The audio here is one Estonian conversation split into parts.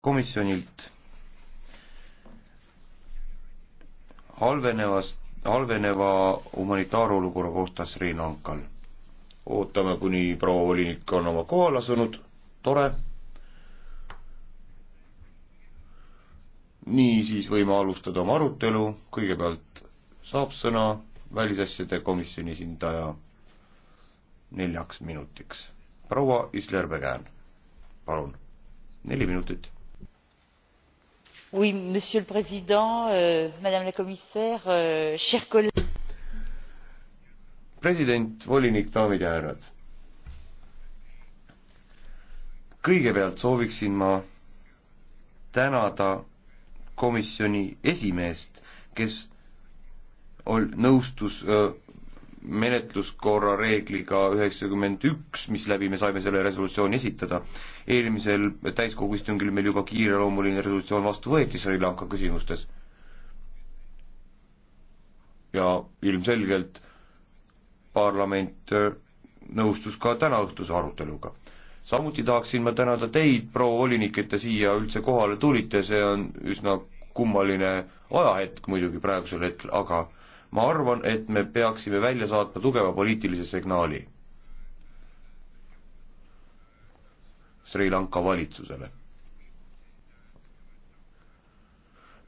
komisjonilt halvenevast, halveneva humanitaarolukorra kohta Sri Lankal. ootame, kuni proua volinik on oma kohale asunud, tore. niisiis võime alustada oma arutelu, kõigepealt saab sõna välisasjade komisjoni esindaja neljaks minutiks. proua Isler-Begän, palun, neli minutit monsieur le président euh, madame la commissaire euh, chers collègues president volinik daamid ja härrad kõigepealt sooviksin ma tänada komisjoni esimeest kes ol- nõustus öö, äh, menetluskorra reegliga üheksakümmend üks, misläbi me saime selle resolutsiooni esitada. eelmisel täiskogu istungil meil juba kiireloomuline resolutsioon vastu võeti Sri Lanka küsimustes. ja ilmselgelt parlament äh, nõustus ka tänaõhtuse aruteluga. samuti tahaksin ma tänada teid, proua volinik, et te siia üldse kohale tulite, see on üsna kummaline ajahetk muidugi praegusel hetkel, aga ma arvan, et me peaksime välja saatma tugeva poliitilise signaali Sri Lanka valitsusele.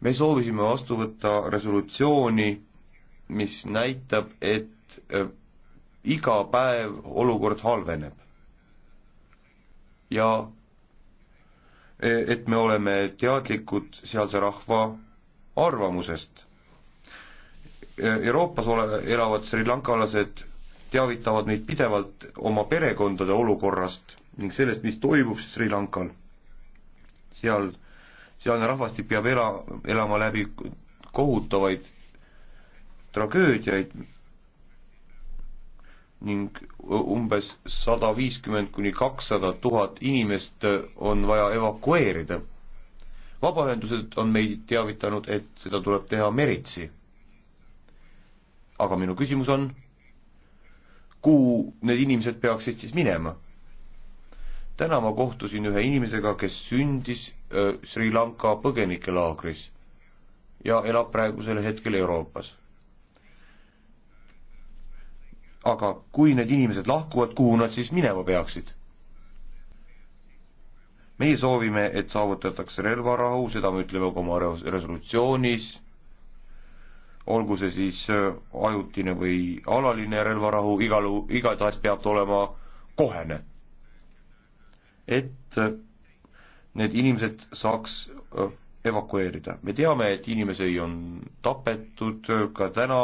me soovisime vastu võtta resolutsiooni, mis näitab, et äh, iga päev olukord halveneb. ja äh, et me oleme teadlikud sealse rahva arvamusest Euroopas ole, elavad Sri Lankalased teavitavad meid pidevalt oma perekondade olukorrast ning sellest, mis toimub Sri Lankal. seal, sealne rahvastik peab ela, elama läbi kohutavaid tragöödiaid ning umbes sada viiskümmend kuni kakssada tuhat inimest on vaja evakueerida. vabaühendused on meid teavitanud, et seda tuleb teha meritsi aga minu küsimus on, kuhu need inimesed peaksid siis minema? täna ma kohtusin ühe inimesega, kes sündis öö, Sri Lanka põgenikelaagris ja elab praegusel hetkel Euroopas. aga kui need inimesed lahkuvad, kuhu nad siis minema peaksid? meie soovime, et saavutatakse relvarahu, seda me ütleme ka oma resolutsioonis olgu see siis äh, ajutine või alaline relvarahu, igal, igatahes peab ta olema kohene. et äh, need inimesed saaks äh, evakueerida. me teame, et inimesi on tapetud, ka täna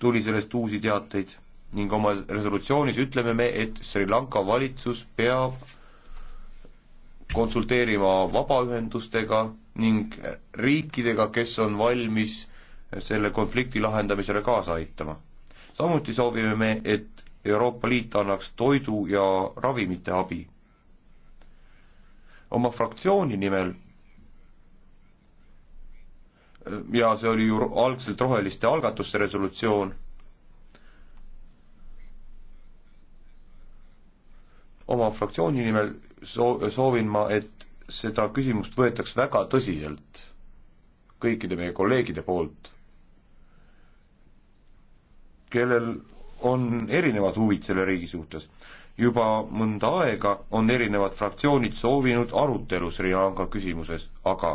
tuli sellest uusi teateid ning oma resolutsioonis ütleme me, et Sri Lanka valitsus peab konsulteerima vabaühendustega ning riikidega, kes on valmis selle konflikti lahendamisele kaasa aitama. samuti soovime me, et Euroopa Liit annaks toidu ja ravimite abi. oma fraktsiooni nimel ja see oli ju algselt Roheliste algatuste resolutsioon oma fraktsiooni nimel soo-, soovin ma, et seda küsimust võetaks väga tõsiselt kõikide meie kolleegide poolt, kellel on erinevad huvid selle riigi suhtes. juba mõnda aega on erinevad fraktsioonid soovinud arutelu Sri Lanka küsimuses, aga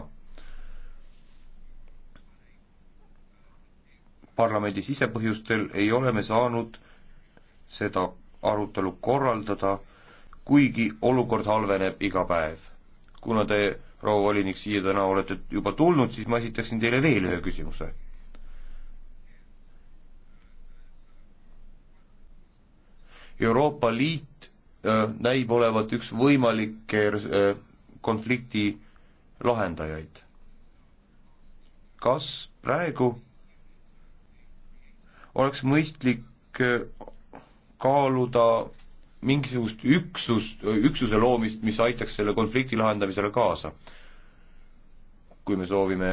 parlamendi sisepõhjustel ei ole me saanud seda arutelu korraldada kuigi olukord halveneb iga päev. kuna te, proua volinik, siia täna olete juba tulnud, siis ma esitaksin teile veel ühe küsimuse. Euroopa Liit äh, näib olevat üks võimalikke äh, konflikti lahendajaid. kas praegu oleks mõistlik äh, kaaluda mingisugust üksust, üksuse loomist, mis aitaks selle konflikti lahendamisele kaasa. kui me soovime,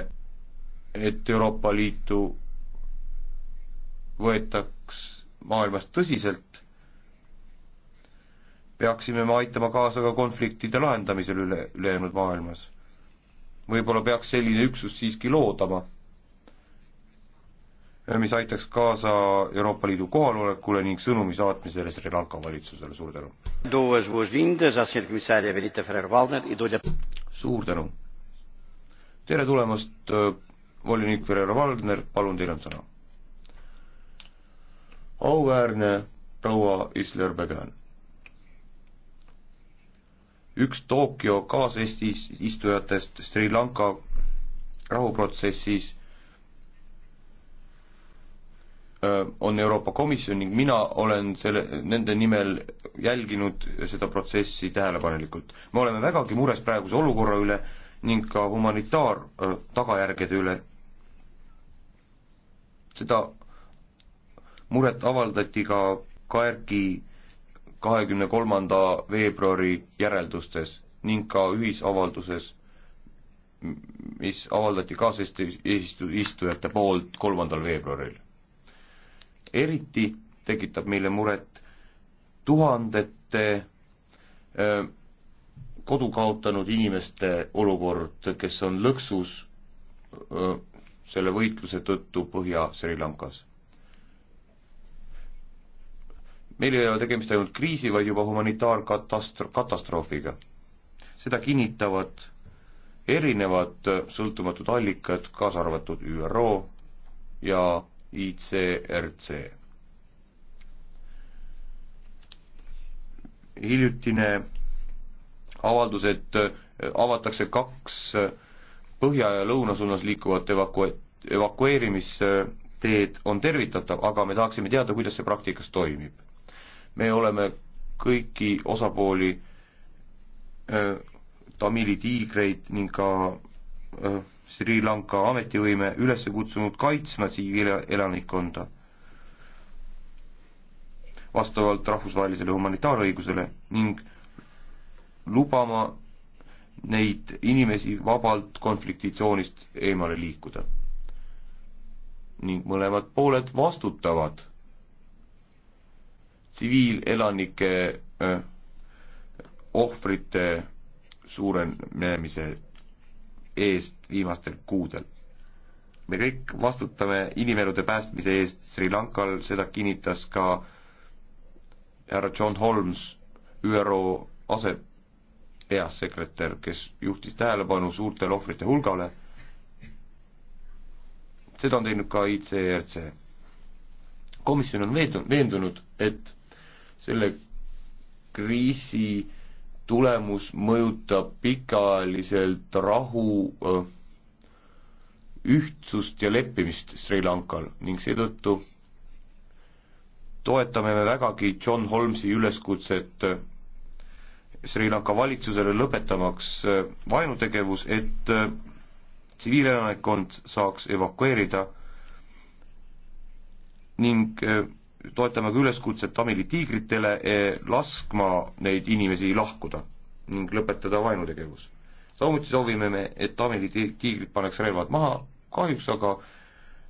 et Euroopa Liitu võetaks maailmas tõsiselt, peaksime me aitama kaasa ka konfliktide lahendamisel üle, ülejäänud maailmas. võib-olla peaks selline üksus siiski loodama mis aitaks kaasa Euroopa Liidu kohalolekule ning sõnumi saatmisele Sri Lanka valitsusele, suur tänu. E suur tänu. tere tulemast, äh, volinik Ferrer-Valdner, palun, teil on sõna. auväärne proua Isler-Began üks Tokyo kaasestistujatest Sri Lanka rahuprotsessis on Euroopa Komisjon ning mina olen selle, nende nimel jälginud seda protsessi tähelepanelikult. me oleme vägagi mures praeguse olukorra üle ning ka humanitaar tagajärgede üle. seda muret avaldati ka KRK-i kahekümne kolmanda veebruari järeldustes ning ka ühisavalduses, mis avaldati kaasistujate poolt kolmandal veebruaril eriti tekitab meile muret tuhandete kodu kaotanud inimeste olukord, kes on lõksus selle võitluse tõttu Põhja-Sri Lankas. meil ei ole tegemist ainult kriisi, vaid juba humanitaarkatastro-, katastroofiga. seda kinnitavad erinevad sõltumatud allikad, kaasa arvatud ÜRO ja ICRC. hiljutine avaldus, et äh, avatakse kaks äh, põhja ja lõuna suunas liikuvat evaku-, evakueerimisteed, on tervitatav, aga me tahaksime teada, kuidas see praktikas toimib. me oleme kõiki osapooli, äh, Tamiili tiigreid ning ka öö, Sri Lanka ametivõime üles kutsunud kaitsma tsiviilelanikkonda vastavalt rahvusvahelisele humanitaarõigusele ning lubama neid inimesi vabalt konfliktitsoonist eemale liikuda. ning mõlemad pooled vastutavad tsiviilelanike äh, ohvrite suurenemise eest viimastel kuudel. me kõik vastutame inimelude päästmise eest Sri Lankal, seda kinnitas ka härra John Holmes, ÜRO ase peasekretär, kes juhtis tähelepanu suurtele ohvrite hulgale, seda on teinud ka ICRC. komisjon on veendunud, veendunud, et selle kriisi tulemus mõjutab pikaajaliselt rahu ühtsust ja leppimist Sri Lankal ning seetõttu toetame me vägagi John Holmesi üleskutset Sri Lanka valitsusele lõpetamaks vaenutegevus, et tsiviilelanikkond saaks evakueerida ning toetame ka üleskutset Tamili tiigritele eh, laskma neid inimesi lahkuda ning lõpetada vaenutegevus. samuti soovime me, et Tamili tiigrid paneks relvad maha, kahjuks aga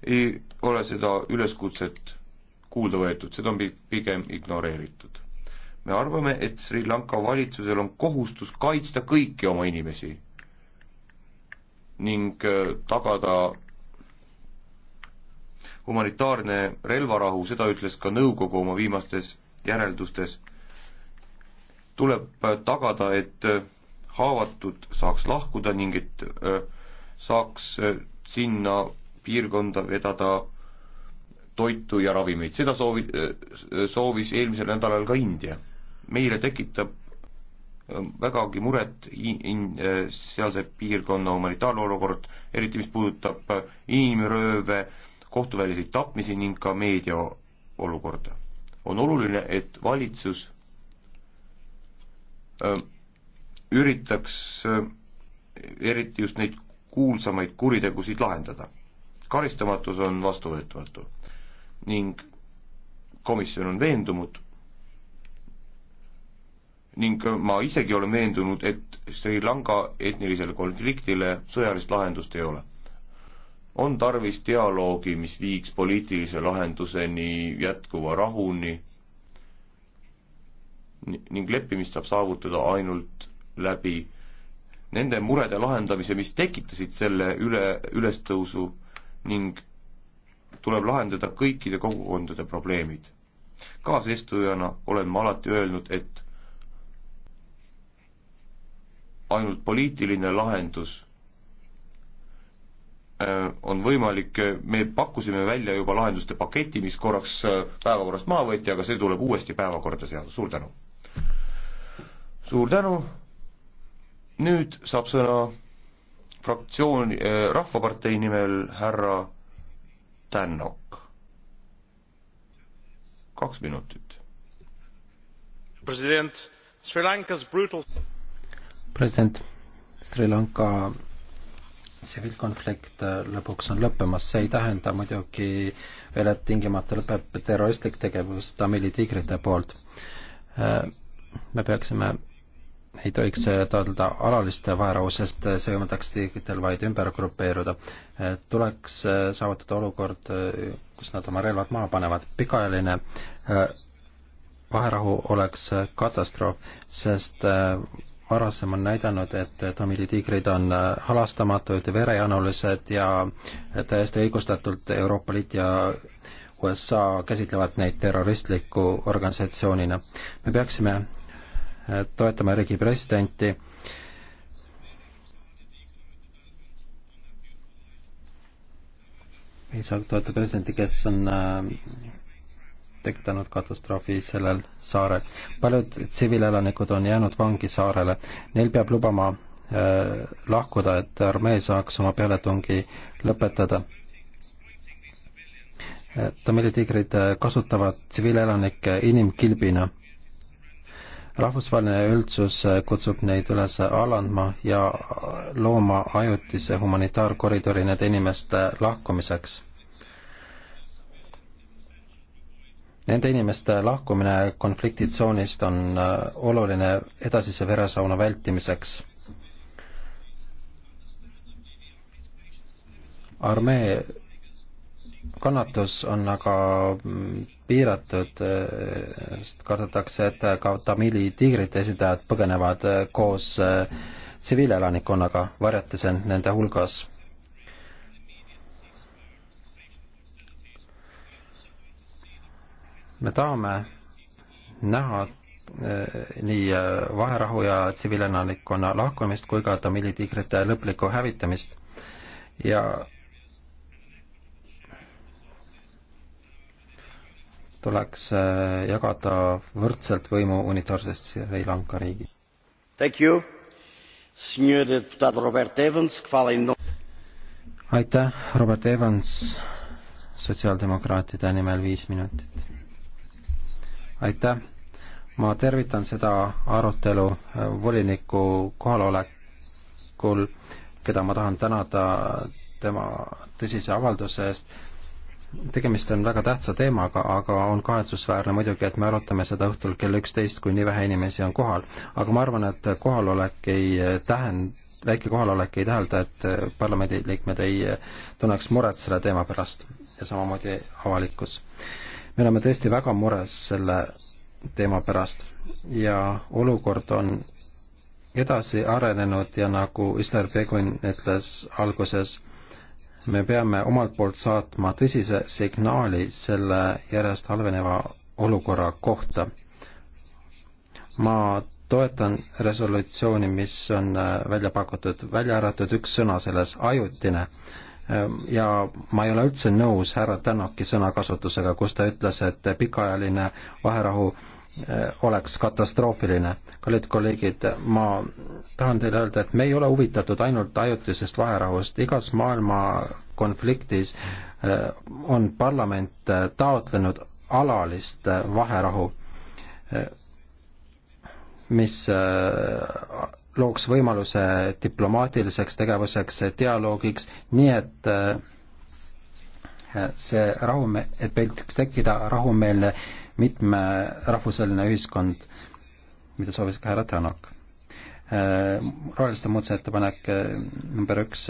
ei ole seda üleskutset kuulda võetud, seda on pigem ignoreeritud. me arvame, et Sri Lanka valitsusel on kohustus kaitsta kõiki oma inimesi ning eh, tagada humanitaarne relvarahu, seda ütles ka nõukogu oma viimastes järeldustes, tuleb tagada, et äh, haavatud saaks lahkuda ning et äh, saaks äh, sinna piirkonda vedada toitu ja ravimeid, seda soovi, soovis eelmisel nädalal ka India. meile tekitab vägagi muret in, in, sealse piirkonna humanitaarolukord, eriti mis puudutab inimrööve, kohtuväliseid tapmisi ning ka meedia olukorda. on oluline, et valitsus ähm, üritaks äh, eriti just neid kuulsamaid kuritegusid lahendada. karistamatus on vastuvõetamatu ning komisjon on veendunud ning ma isegi olen veendunud, et Sri Lanka etnilisele konfliktile sõjalist lahendust ei ole on tarvis dialoogi, mis viiks poliitilise lahenduseni, jätkuva rahuni ning leppimist saab saavutada ainult läbi nende murede lahendamise, mis tekitasid selle üle, ülestõusu ning tuleb lahendada kõikide kogukondade probleemid. kaasistujana olen ma alati öelnud, et ainult poliitiline lahendus Äh, on võimalik, äh, me pakkusime välja juba lahenduste paketi, mis korraks äh, päevakorrast maha võeti, aga see tuleb uuesti päevakorda seada, suur tänu. suur tänu, nüüd saab sõna fraktsiooni, Rahvapartei nimel härra Tännok. kaks minutit. president, Sri Lankas brutal president, Sri Lanka tsiviilkonflikt äh, lõpuks on lõppemas, see ei tähenda muidugi veel, et tingimata lõpeb terroristlik tegevus Tamili tiigrite poolt. Äh, me peaksime, ei tohiks taotleda alaliste vaerahu, sest äh, see võimaldaks tiigritel vaid ümber grupeeruda. tuleks saavutada olukord, kus nad oma relvad maha panevad, pikaajaline vaherahu oleks katastroof, sest varasem on näidanud, et Tamili tiigrid on äh, halastamatud, verejanulised ja täiesti õigustatult Euroopa Liit ja USA käsitlevad neid terroristliku organisatsioonina. me peaksime äh, toetama riigi presidenti ei saa toetada presidenti, kes on äh, tekitanud katastroofi sellel saarel. paljud tsiviilelanikud on jäänud vangi saarele, neil peab lubama äh, lahkuda, et armee saaks oma pealetungi lõpetada. Äh, Tamili tiigrid äh, kasutavad tsiviilelanikke inimkilbina. rahvusvaheline üldsus äh, kutsub neid üles alandma ja looma ajutise humanitaarkoridori nende inimeste lahkumiseks Nende inimeste lahkumine konfliktitsoonist on äh, oluline edasise veresauna vältimiseks. armee kannatus on aga mm, piiratud, äh, sest kardetakse, et ka Tamiili tiigrite esindajad põgenevad äh, koos tsiviilelanikkonnaga, varjates end nende hulgas me tahame näha eh, nii eh, vaherahu ja tsiviilelanikkonna lahkumist kui ka Tamiili tiigrite lõplikku hävitamist ja tuleks eh, jagada võrdselt võimu unitaarsest Sri Lanka riigi. aitäh, Robert Evans sotsiaaldemokraatide nimel viis minutit aitäh, ma tervitan seda arutelu äh, voliniku kohalolekul, keda ma tahan tänada tema tõsise avalduse eest. tegemist on väga tähtsa teemaga, aga on kahetsusväärne muidugi, et me arutame seda õhtul kell üksteist, kui nii vähe inimesi on kohal. aga ma arvan, et kohalolek ei äh, tähenda väike kohalolek ei tähelda, et äh, parlamendiliikmed ei tunneks muret selle teema pärast ja samamoodi avalikkus me oleme tõesti väga mures selle teema pärast ja olukord on edasi arenenud ja nagu Isler Pegun ütles alguses, me peame omalt poolt saatma tõsise signaali selle järjest halveneva olukorra kohta. ma toetan resolutsiooni, mis on välja pakutud, välja arvatud üks sõna selles, ajutine Ehm, ja ma ei ole üldse nõus härra Tänaki sõnakasutusega, kus ta ütles, et pikaajaline vaherahu eh, oleks katastroofiline. kallid kolleegid, ma tahan teile öelda, et me ei ole huvitatud ainult ajutisest vaherahust, igas maailma konfliktis eh, on parlament eh, taotlenud alalist vaherahu, mis looks võimaluse diplomaatiliseks tegevuseks, dialoogiks, nii et äh, see rahume-, et meil võiks tekkida rahumeelne mitmerahvuseline ühiskond, mida soovis ka härra Tänak. Äh, roheliste muudatusettepanek äh, number üks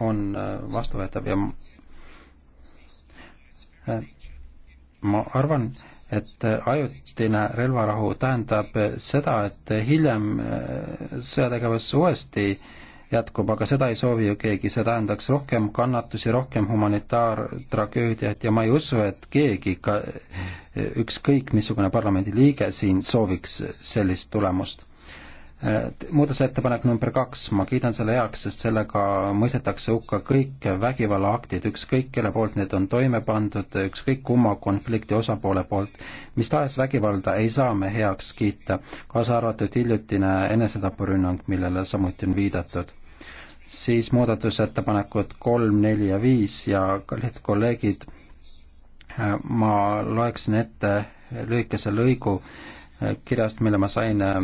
on vastuvõetav ja ma arvan, et ajutine relvarahu tähendab seda, et hiljem äh, sõjategevus uuesti jätkub, aga seda ei soovi ju keegi, see tähendaks rohkem kannatusi, rohkem humanitaartragöödiat ja ma ei usu, et keegi, ka äh, ükskõik missugune parlamendiliige siin sooviks sellist tulemust Äh, muudatusettepanek number kaks, ma kiidan selle heaks, sest sellega mõistetakse hukka kõik vägivallaaktid, ükskõik kelle poolt need on toime pandud, ükskõik kumma konflikti osapoole poolt. mis tahes vägivalda ei saa me heaks kiita, kaasa arvatud hiljutine enesetapurünnang, millele samuti on viidatud. siis muudatusettepanekud kolm, neli ja viis ja kallid kolleegid, äh, ma loeksin ette lühikese lõigu kirjast, mille ma sain äh,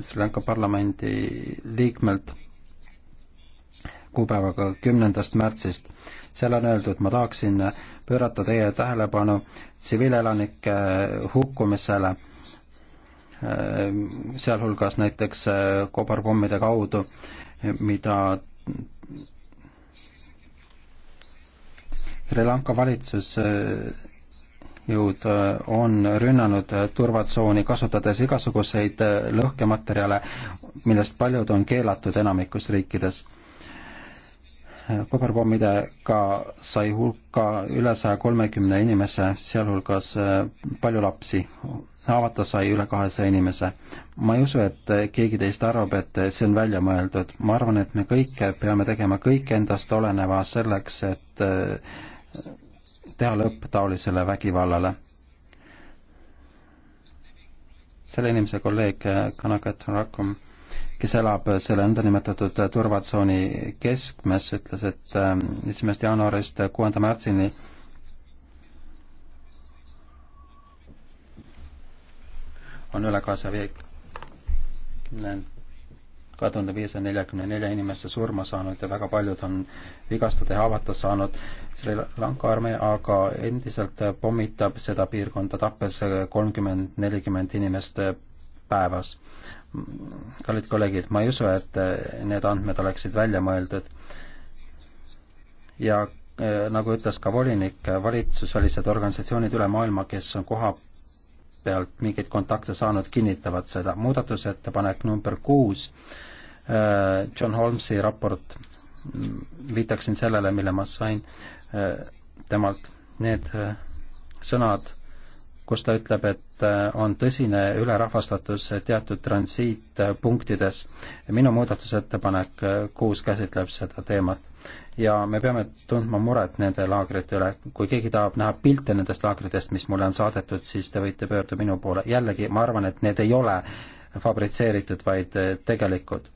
Sri Lanka parlamendi liikmelt kuupäevaga kümnendast märtsist. seal on öeldud, ma tahaksin pöörata teie tähelepanu tsiviilelanike hukkumisele, äh, sealhulgas näiteks äh, kobarpommide kaudu, mida Sri Lanka valitsus jõud äh, on rünnanud äh, turvatsooni, kasutades igasuguseid äh, lõhkematerjale, millest paljud on keelatud enamikus riikides. kobarpommidega sai hulka üle saja kolmekümne inimese, sealhulgas palju lapsi. haavata sai üle kahesaja inimese. ma ei usu, et keegi teist arvab, et see on välja mõeldud. ma arvan, et me kõik peame tegema kõik endast oleneva selleks, et teha lõpp taolisele vägivallale. selle inimese kolleeg Kanakat Rakum, kes elab selle nõndanimetatud turvatsooni keskmes, ütles, et ähm, esimesest jaanuarist kuuenda märtsini on üle kaasa viiekümne kahe tuhande viiesaja neljakümne nelja inimese surma saanud ja väga paljud on vigastada ja haavata saanud. Sri Lanka armee aga endiselt pommitab seda piirkonda, tappes kolmkümmend, nelikümmend inimest päevas. kallid kolleegid, ma ei usu, et need andmed oleksid välja mõeldud. ja eh, nagu ütles ka volinik, valitsusvälised organisatsioonid üle maailma, kes on koha pealt mingeid kontakte saanud, kinnitavad seda. muudatusettepanek number kuus Äh, John Holmesi raport, mm, viitaksin sellele, mille ma sain äh, temalt, need äh, sõnad, kus ta ütleb, et on tõsine ülerahvastatus teatud transiitpunktides. minu muudatusettepanek kuus käsitleb seda teemat ja me peame tundma muret nende laagrite üle. kui keegi tahab näha pilte nendest laagritest, mis mulle on saadetud, siis te võite pöörduda minu poole. jällegi, ma arvan, et need ei ole fabritseeritud, vaid eh, tegelikud.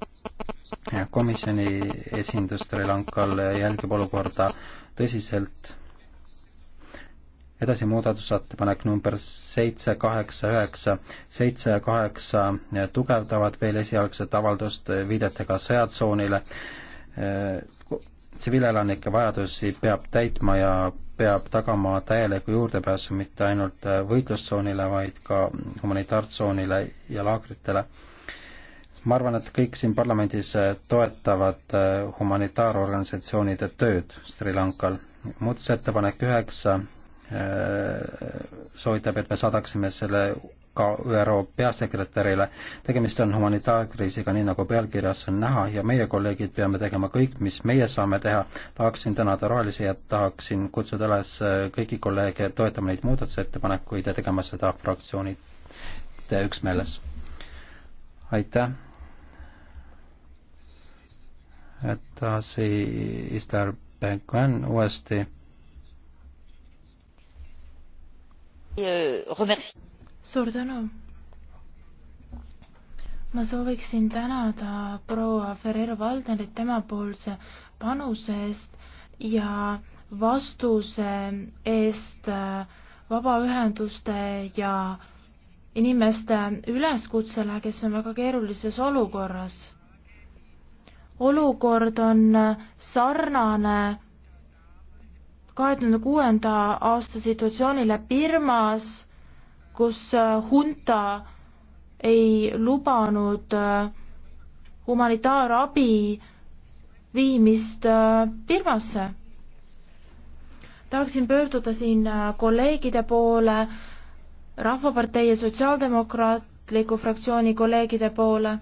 komisjoni esindus Sri Lankal jälgib olukorda tõsiselt. edasi muudatusettepanek number seitse, kaheksa, üheksa. seitse ja kaheksa eh, tugevdavad veel esialgset avaldust eh, viidetega sõjatsoonile tsiviilelanike vajadusi peab täitma ja peab tagama täieliku juurdepääsu mitte ainult võitlustsoonile, vaid ka humanitaartsoonile ja laagritele. ma arvan, et kõik siin parlamendis toetavad äh, humanitaarorganisatsioonide tööd Sri Lankal. muudatusettepanek üheksa äh, soovitab, et me saadaksime selle ka ÜRO peasekretärile. tegemist on humanitaarkriisiga, nii nagu pealkirjas on näha ja meie kolleegid peame tegema kõik, mis meie saame teha. tahaksin tänada rohelisi ja tahaksin kutsuda üles kõiki kolleege toetama neid muudatusettepanekuid ja tegema seda fraktsioonide üksmeeles. aitäh. edasi Istar Benguin uuesti. remercie suur tänu. ma sooviksin tänada proua Ferrero Valderit temapoolse panuse eest ja vastuse eest äh, vabaühenduste ja inimeste üleskutsele, kes on väga keerulises olukorras. olukord on sarnane kahe tuhande kuuenda aasta situatsioonile Birmas kus äh, hunta ei lubanud äh, humanitaarabi viimist Birmasse. Äh, tahaksin pöörduda siin kolleegide poole, Rahvapartei ja Sotsiaaldemokraatliku fraktsiooni kolleegide poole,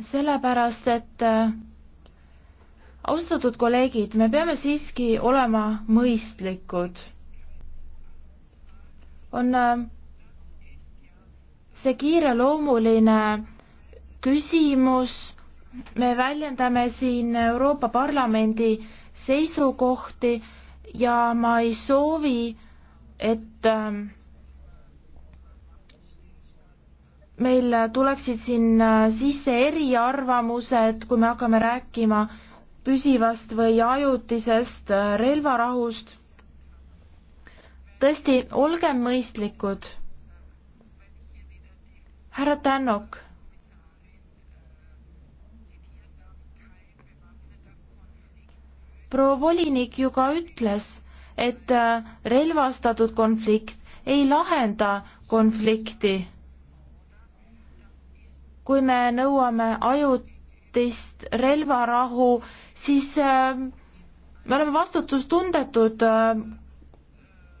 sellepärast et austatud kolleegid, me peame siiski olema mõistlikud. on see kiireloomuline küsimus, me väljendame siin Euroopa Parlamendi seisukohti ja ma ei soovi, et ähm, meil tuleksid siin äh, sisse eriarvamused, kui me hakkame rääkima püsivast või ajutisest äh, relvarahust. tõesti, olgem mõistlikud härra Tänok. proua volinik ju ka ütles, et äh, relvastatud konflikt ei lahenda konflikti. kui me nõuame ajutist relvarahu, siis äh, me oleme vastutustundetud äh,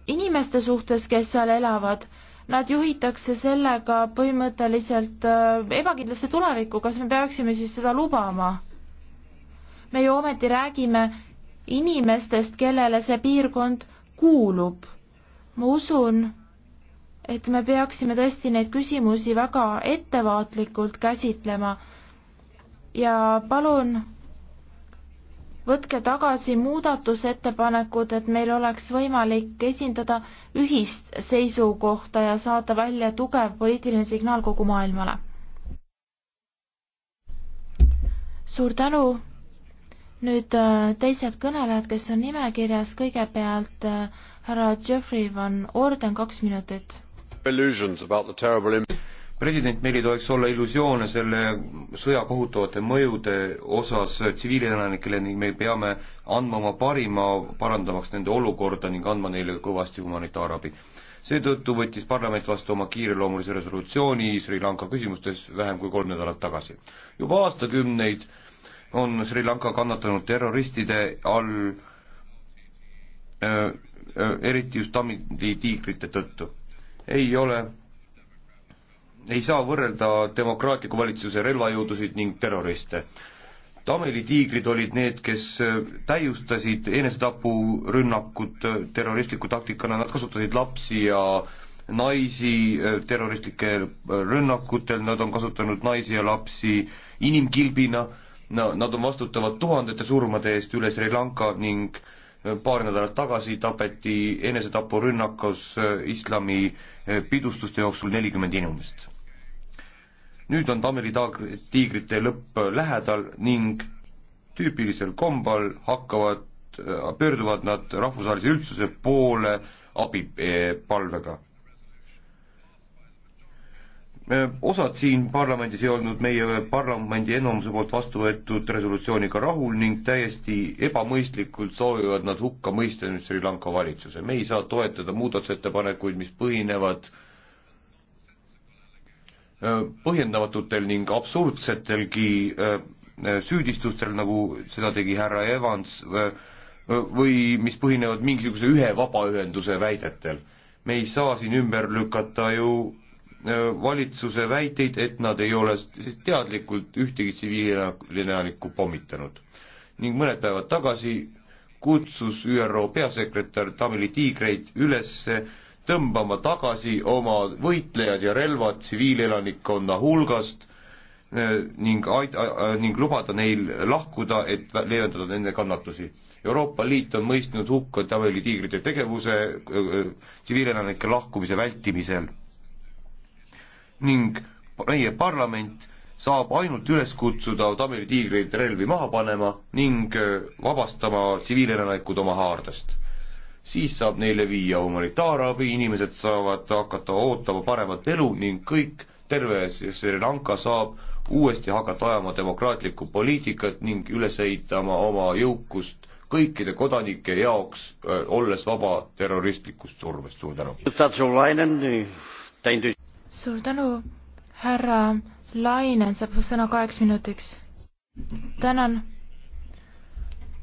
inimeste suhtes, kes seal elavad nad juhitakse sellega põhimõtteliselt äh, ebakindlasse tulevikku, kas me peaksime siis seda lubama? me ju ometi räägime inimestest, kellele see piirkond kuulub. ma usun, et me peaksime tõesti neid küsimusi väga ettevaatlikult käsitlema ja palun võtke tagasi muudatusettepanekud, et meil oleks võimalik esindada ühist seisukohta ja saada välja tugev poliitiline signaal kogu maailmale. suur tänu. nüüd äh, teised kõnelejad, kes on nimekirjas, kõigepealt äh, härra Jeffrey Van Orden, kaks minutit president, meil ei tohiks olla illusioone selle sõja kohutavate mõjude osas tsiviilelanikele ning me peame andma oma parima, parandamaks nende olukorda ning andma neile kõvasti humanitaarabi. seetõttu võttis parlament vastu oma kiireloomulise resolutsiooni Sri Lanka küsimustes vähem kui kolm nädalat tagasi. juba aastakümneid on Sri Lanka kannatanud terroristide all äh, äh eriti just tammitiigrite tõttu. ei ole ei saa võrrelda demokraatliku valitsuse relvajõudusid ning terroriste. Tameli tiigrid olid need, kes äh, täiustasid enesetapurünnakut äh, terroristliku taktikana, nad kasutasid lapsi ja naisi äh, terroristlikel rünnakutel, nad on kasutanud naisi ja lapsi inimkilbina, nad on vastutavad tuhandete surmade eest üle Sri Lanka ning paar nädalat tagasi tapeti enesetapurünnakus islami pidustuste jooksul nelikümmend inimest nüüd on Tameri tiigrite lõpp äh, lähedal ning tüüpilisel kombel hakkavad, äh, pöörduvad nad rahvusvahelise üldsuse poole abipalvega. Äh, osad siin parlamendis ei olnud meie parlamendi enamuse poolt vastu võetud resolutsiooniga rahul ning täiesti ebamõistlikult soovivad nad hukka mõista nüüd Sri Lanka valitsuse. me ei saa toetada muudatusettepanekuid, mis põhinevad äh, Äh, põhjendamatutel ning absurdsetelgi äh, äh, süüdistustel, nagu seda tegi härra Evans, või mis põhinevad mingisuguse ühe vabaühenduse väidetel. me ei saa siin ümber lükata ju valitsuse väiteid, et nad ei ole teadlikult ühtegi tsiviilelanikku pommitanud. ning mõned päevad tagasi kutsus ÜRO peasekretär Tamili Tiigreid üles tõmbama tagasi oma võitlejad ja relvad tsiviilelanikkonna hulgast eh, ning ait-, ning lubada neil lahkuda, et leevendada nende kannatusi. Euroopa Liit on mõistnud hukka Taveli tiigrite tegevuse eh, eh, tsiviilelanike lahkumise vältimisel ning meie parlament saab ainult üles kutsuda Tameri tiigreid relvi maha panema ning vabastama tsiviilelanikud oma haardest siis saab neile viia humanitaarabi, inimesed saavad hakata ootama paremat elu ning kõik, terve Sri Lanka saab uuesti hakata ajama demokraatlikku poliitikat ning üles ehitama oma jõukust kõikide kodanike jaoks, olles vaba terroristlikust survest, suur tänu. suur tänu, härra Lainen saab sõna kaheks minutiks. tänan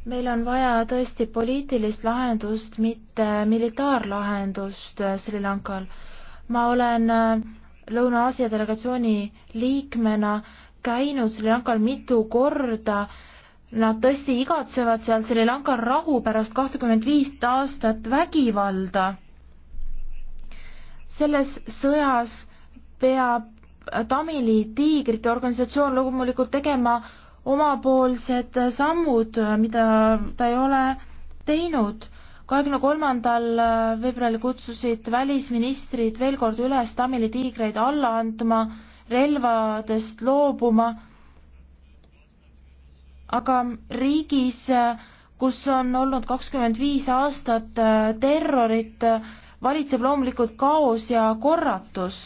meil on vaja tõesti poliitilist lahendust, mitte militaarlahendust äh, Sri Lankal. ma olen äh, Lõuna-Aasia delegatsiooni liikmena käinud Sri Lankal mitu korda. Nad tõesti igatsevad seal Sri Lankal rahu pärast kahtekümmet viit aastat vägivalda. selles sõjas peab Tamili tiigrite organisatsioon loomulikult tegema omapoolsed sammud, mida ta ei ole teinud. kahekümne kolmandal äh, veebruaril kutsusid välisministrid veel kord üles Tamili tiigreid alla andma, relvadest loobuma, aga riigis, kus on olnud kakskümmend viis aastat äh, terrorit, valitseb loomulikult kaos ja korratus.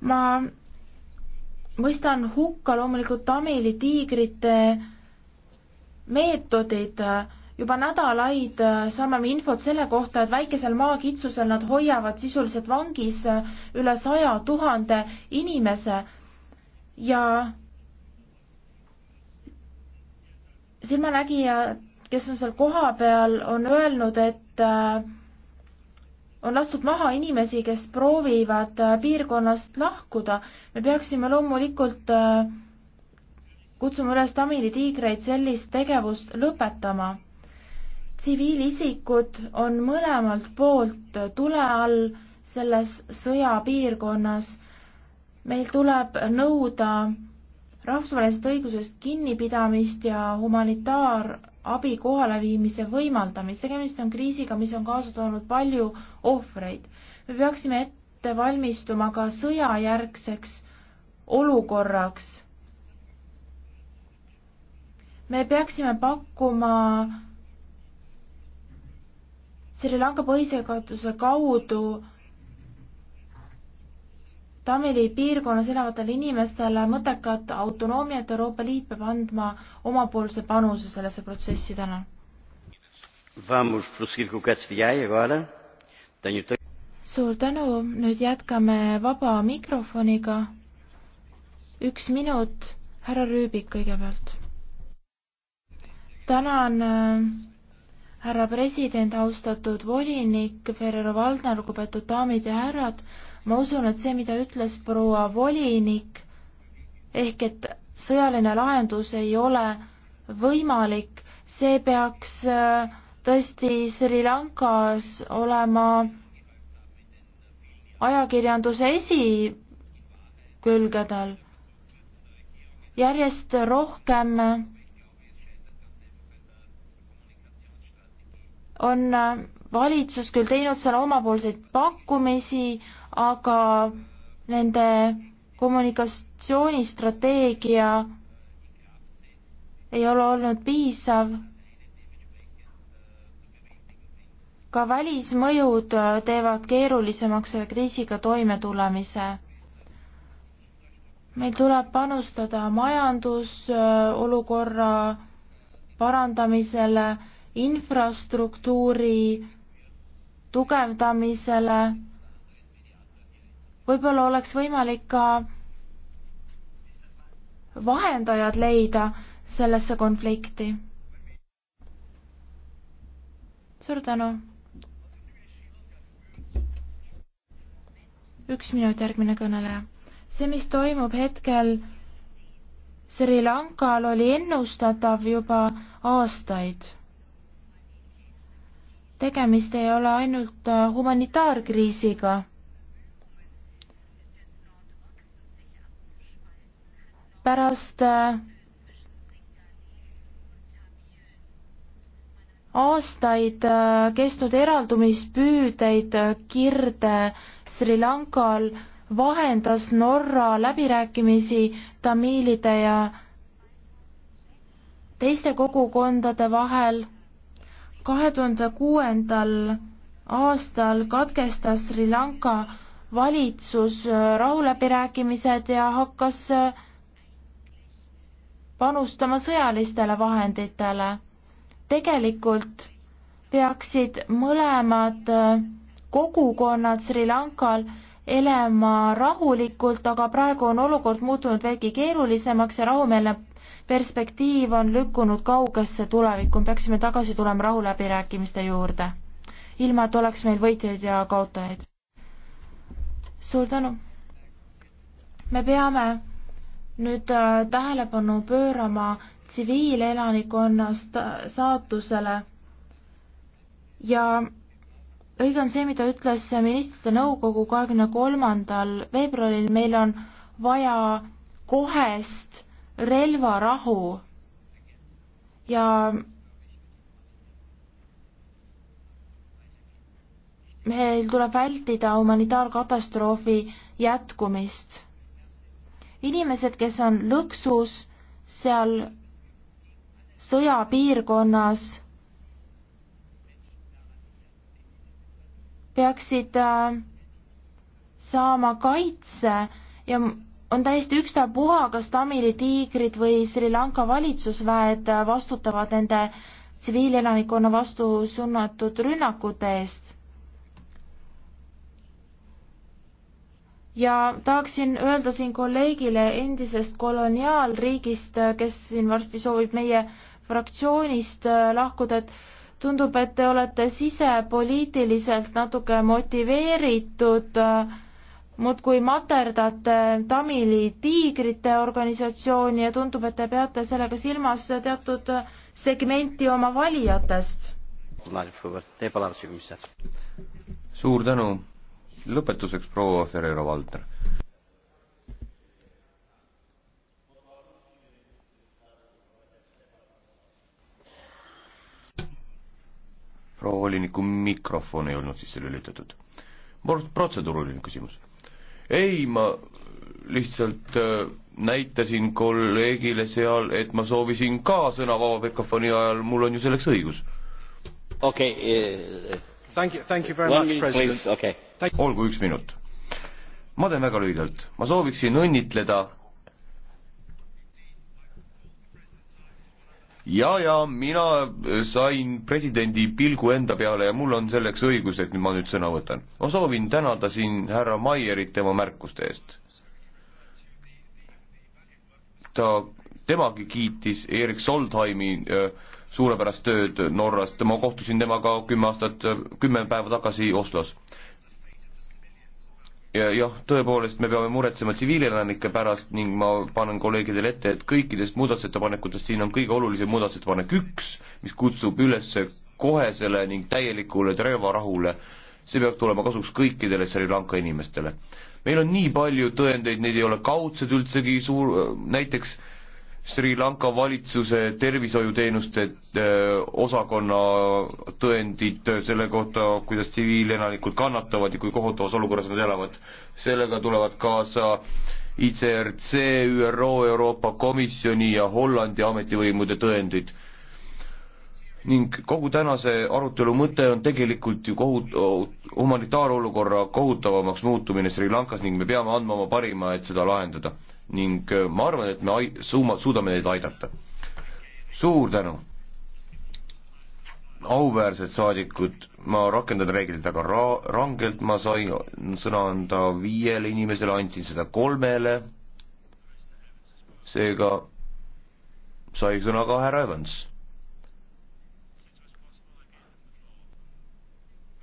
ma mõistan hukka loomulikult Tamili tiigrite meetodid. juba nädalaid saame me infot selle kohta, et väikesel maakitsusel nad hoiavad sisuliselt vangis üle saja tuhande inimese ja silmanägijad, kes on seal kohapeal, on öelnud, et äh, on lastud maha inimesi, kes proovivad äh, piirkonnast lahkuda. me peaksime loomulikult äh, kutsuma üles Tamili tiigreid sellist tegevust lõpetama. tsiviilisikud on mõlemalt poolt tule all selles sõjapiirkonnas. meil tuleb nõuda rahvusvahelisest õigusest kinnipidamist ja humanitaar abi kohaleviimise võimaldamist. tegemist on kriisiga, mis on kaasa toonud palju ohvreid. me peaksime ette valmistuma ka sõjajärgseks olukorraks. me peaksime pakkuma Sri Lanka põhiseaduse kaudu Tamili piirkonnas elavatele inimestele mõttekat autonoomiat, Euroopa Liit peab andma omapoolse panuse sellesse protsessi täna. suur tänu, nüüd jätkame vaba mikrofoniga. üks minut, härra Rüübik kõigepealt. tänan äh, härra president, austatud volinik, Ferrero Valdner, lugupeetud daamid ja härrad ma usun, et see, mida ütles proua volinik, ehk et sõjaline lahendus ei ole võimalik, see peaks äh, tõesti Sri Lankas olema ajakirjanduse esikülgedel. järjest rohkem on äh, valitsus küll teinud seal omapoolseid pakkumisi, aga nende kommunikatsioonistrateegia ei ole olnud piisav. ka välismõjud teevad keerulisemaks selle kriisiga toimetulemise. meil tuleb panustada majandusolukorra parandamisele, infrastruktuuri tugevdamisele võib-olla oleks võimalik ka vahendajad leida sellesse konflikti. suur tänu. üks minut, järgmine kõneleja. see, mis toimub hetkel Sri Lankal, oli ennustatav juba aastaid. tegemist ei ole ainult humanitaarkriisiga pärast äh, aastaid äh, kestnud eraldumispüüdeid äh, Kirde Sri Lankal vahendas Norra läbirääkimisi tamiilide ja teiste kogukondade vahel. kahe tuhande kuuendal aastal katkestas Sri Lanka valitsus rahuläbirääkimised ja hakkas panustama sõjalistele vahenditele. tegelikult peaksid mõlemad äh, kogukonnad Sri Lankal elama rahulikult, aga praegu on olukord muutunud veelgi keerulisemaks ja rahumeelne perspektiiv on lükkunud kaugesse tulevikku, me peaksime tagasi tulema rahuläbirääkimiste juurde, ilma et oleks meil võitjaid ja kaotajaid. suur tänu! me peame nüüd äh, tähelepanu pöörama tsiviilelanikkonna äh, saatusele ja õige on see, mida ütles ministrite nõukogu kahekümne kolmandal veebruaril, meil on vaja kohest relvarahu ja meil tuleb vältida humanitaarkatastroofi jätkumist inimesed, kes on lõksus seal sõjapiirkonnas, peaksid äh, saama kaitse ja on täiesti ükstapuha, kas Tamili tiigrid või Sri Lanka valitsusväed äh, vastutavad nende tsiviilelanikkonna vastu suunatud rünnakute eest ja tahaksin öelda siin kolleegile endisest koloniaalriigist, kes siin varsti soovib meie fraktsioonist äh, lahkuda, et tundub, et te olete sisepoliitiliselt natuke motiveeritud, äh, muudkui materdate Tamili tiigrite organisatsiooni ja tundub, et te peate sellega silmas teatud segmenti oma valijatest. suur tänu lõpetuseks proua Ferrero Valter. proua voliniku mikrofon ei olnud sisse lülitatud. protseduuriline küsimus. ei, ma lihtsalt äh, näitasin kolleegile seal, et ma soovisin ka sõna vaba mikrofoni ajal, mul on ju selleks õigus. okei okay, uh.... Thank you, thank you very One much, president. Okay olgu üks minut. ma teen väga lühidalt, ma sooviksin õnnitleda ja, ja mina sain presidendi pilgu enda peale ja mul on selleks õigus, et ma nüüd sõna võtan. ma soovin tänada siin härra Maierit tema märkuste eest. ta, temagi kiitis Erik Soldheimi äh, suurepärast tööd Norrast, ma kohtusin temaga kümme aastat, äh, kümme päeva tagasi Oslos ja jah, tõepoolest me peame muretsema tsiviilelanike pärast ning ma panen kolleegidele ette, et kõikidest muudatusettepanekutest siin on kõige olulisem muudatusettepanek üks, mis kutsub üles kohesele ning täielikule relvarahule. see peab tulema kasuks kõikidele Sri Lanka inimestele. meil on nii palju tõendeid, neid ei ole kaudsed üldsegi, suur, näiteks äh, Sri Lanka valitsuse tervishoiuteenuste äh, osakonna tõendid selle kohta, kuidas tsiviilelanikud kannatavad ja kui kohutavas olukorras nad elavad. sellega tulevad kaasa ICRC, ÜRO, Euroopa Komisjoni ja Hollandi ametivõimude tõendid. ning kogu tänase arutelu mõte on tegelikult ju kohut-, humanitaarolukorra kohutavamaks muutumine Sri Lankas ning me peame andma oma parima, et seda lahendada ning äh, ma arvan, et me ai-, suuma-, suudame neid aidata. suur tänu! auväärsed saadikud, ma rakendan reeglit väga ra-, rangelt, ma sain sõna anda viiele inimesele, andsin seda kolmele, seega sai sõna ka härra Evans.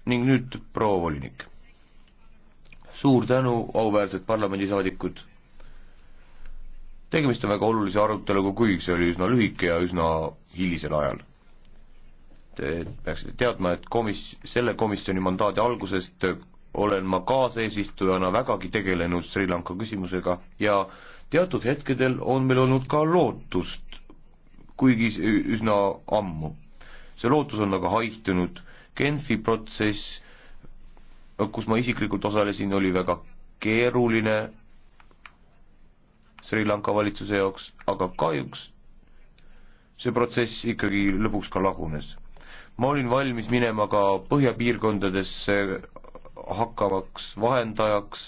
ning nüüd proua volinik. suur tänu, auväärsed parlamendisaadikud tegemist on väga olulise aruteluga, kuigi see oli üsna lühike ja üsna hilisel ajal. Te peaksite teadma, et komis-, selle komisjoni mandaadi algusest olen ma kaaseesistujana vägagi tegelenud Sri Lanka küsimusega ja teatud hetkedel on meil olnud ka lootust, kuigi üsna ammu. see lootus on aga haihtunud, Genfi protsess, kus ma isiklikult osalesin, oli väga keeruline, Sri Lanka valitsuse jaoks, aga kahjuks see protsess ikkagi lõpuks ka lagunes. ma olin valmis minema ka põhjapiirkondadesse hakkavaks vahendajaks,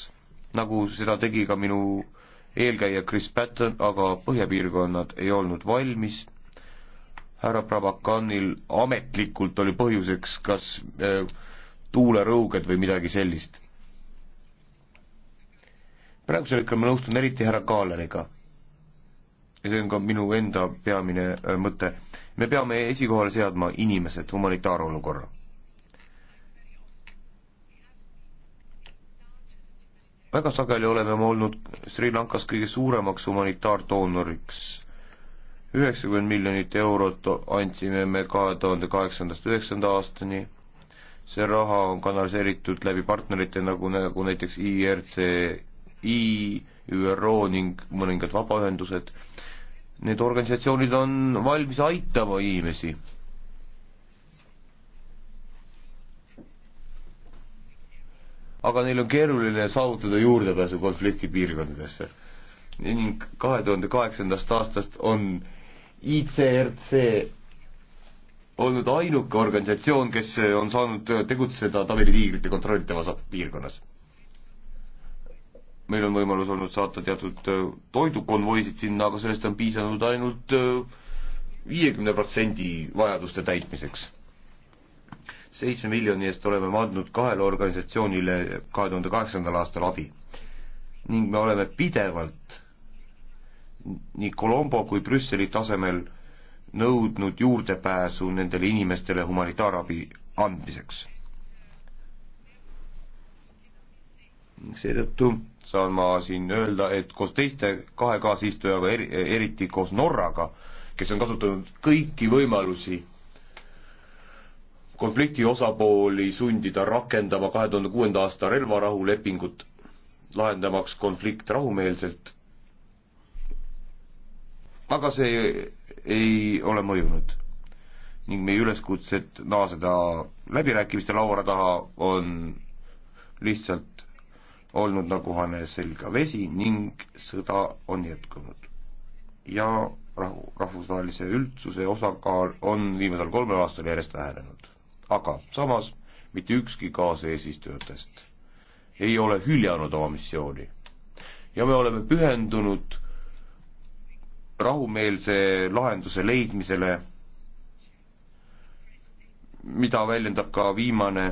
nagu seda tegi ka minu eelkäija Chris Patten, aga põhjapiirkonnad ei olnud valmis härra Prabakanil ametlikult oli põhjuseks kas äh, tuulerõuged või midagi sellist praegusel hetkel ma nõustun eriti härra Kaaleriga. ja see on ka minu enda peamine äh, mõte. me peame esikohale seadma inimesed, humanitaarolukorra. väga sageli oleme me olnud Sri Lankas kõige suuremaks humanitaardoonoriks. üheksakümmend miljonit eurot andsime me kahe tuhande kaheksandast üheksanda aastani see raha on kanaliseeritud läbi partnerite nagu, nagu näiteks IRC I, ÜRO ning mõningad vabaühendused. Need organisatsioonid on valmis aitama inimesi. aga neil on keeruline saavutada juurdepääsu konfliktipiirkondadesse. ning kahe tuhande kaheksandast aastast on ICRC olnud ainuke organisatsioon, kes on saanud tegutseda Taveli tiigrite kontrollitavas piirkonnas meil on võimalus olnud saata teatud äh, toidukonvoisid sinna, aga sellest on piisanud ainult äh, viiekümne protsendi vajaduste täitmiseks. seitsme miljoni eest oleme me andnud kahele organisatsioonile kahe tuhande kaheksandal aastal abi ning me oleme pidevalt nii Colombo kui Brüsseli tasemel nõudnud juurdepääsu nendele inimestele humanitaarabi andmiseks seetõttu saan ma siin öelda, et koos teiste kahe kaasistujaga, eri, eriti koos Norraga, kes on kasutanud kõiki võimalusi konflikti osapooli sundida rakendama kahe tuhande kuuenda aasta relvarahulepingut, lahendamaks konflikt rahumeelselt. aga see ei ole mõjunud ning meie üleskutsed naaseda läbirääkimiste laua taha on lihtsalt olnud nagu hane selga vesi ning sõda on jätkunud. ja rahu, rahvusvahelise üldsuse osakaal on viimasel kolmel aastal järjest vähenenud. aga samas mitte ükski kaaseesistujatest ei ole hüljanud oma missiooni. ja me oleme pühendunud rahumeelse lahenduse leidmisele, mida väljendab ka viimane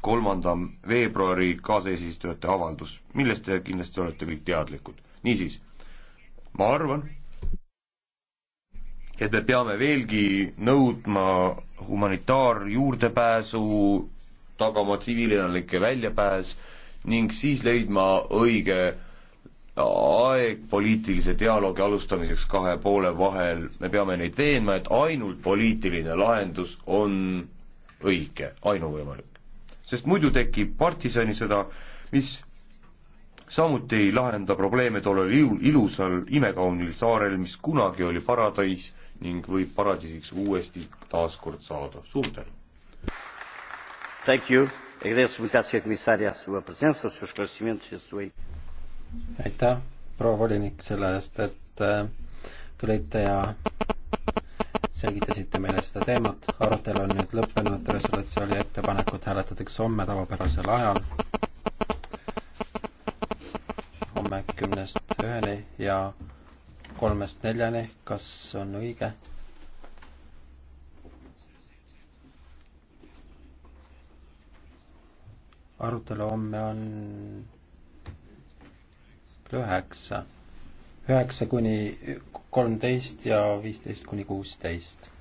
kolmanda veebruari kaasesistujate avaldus, millest te kindlasti olete kõik teadlikud. niisiis, ma arvan, et me peame veelgi nõudma humanitaarjuurdepääsu, tagama tsiviilelanike väljapääs ning siis leidma õige aeg poliitilise dialoogi alustamiseks kahe poole vahel, me peame neid veenma, et ainult poliitiline lahendus on õige, ainuvõimalik sest muidu tekib partisanisõda, mis samuti ei lahenda probleeme tollel ilusal imekaunil saarel, mis kunagi oli paradiis ning võib paradiisiks uuesti taaskord saada. suur tänu! Thank you. Agradeço muito à Sra. Comissária a sua presença, os seus esclarecimentos e a sua... Aitäh, proua volinik, selle eest, et eh, tulite ja selgitasite meile seda teemat. arutelu on nüüd lõppenud, resolutsiooni ettepanekud hääletatakse homme tavapärasel ajal. homme kümnest üheni ja kolmest neljani, kas on õige? arutelu homme on kell üheksa üheksa kuni kolmteist ja viisteist kuni kuusteist.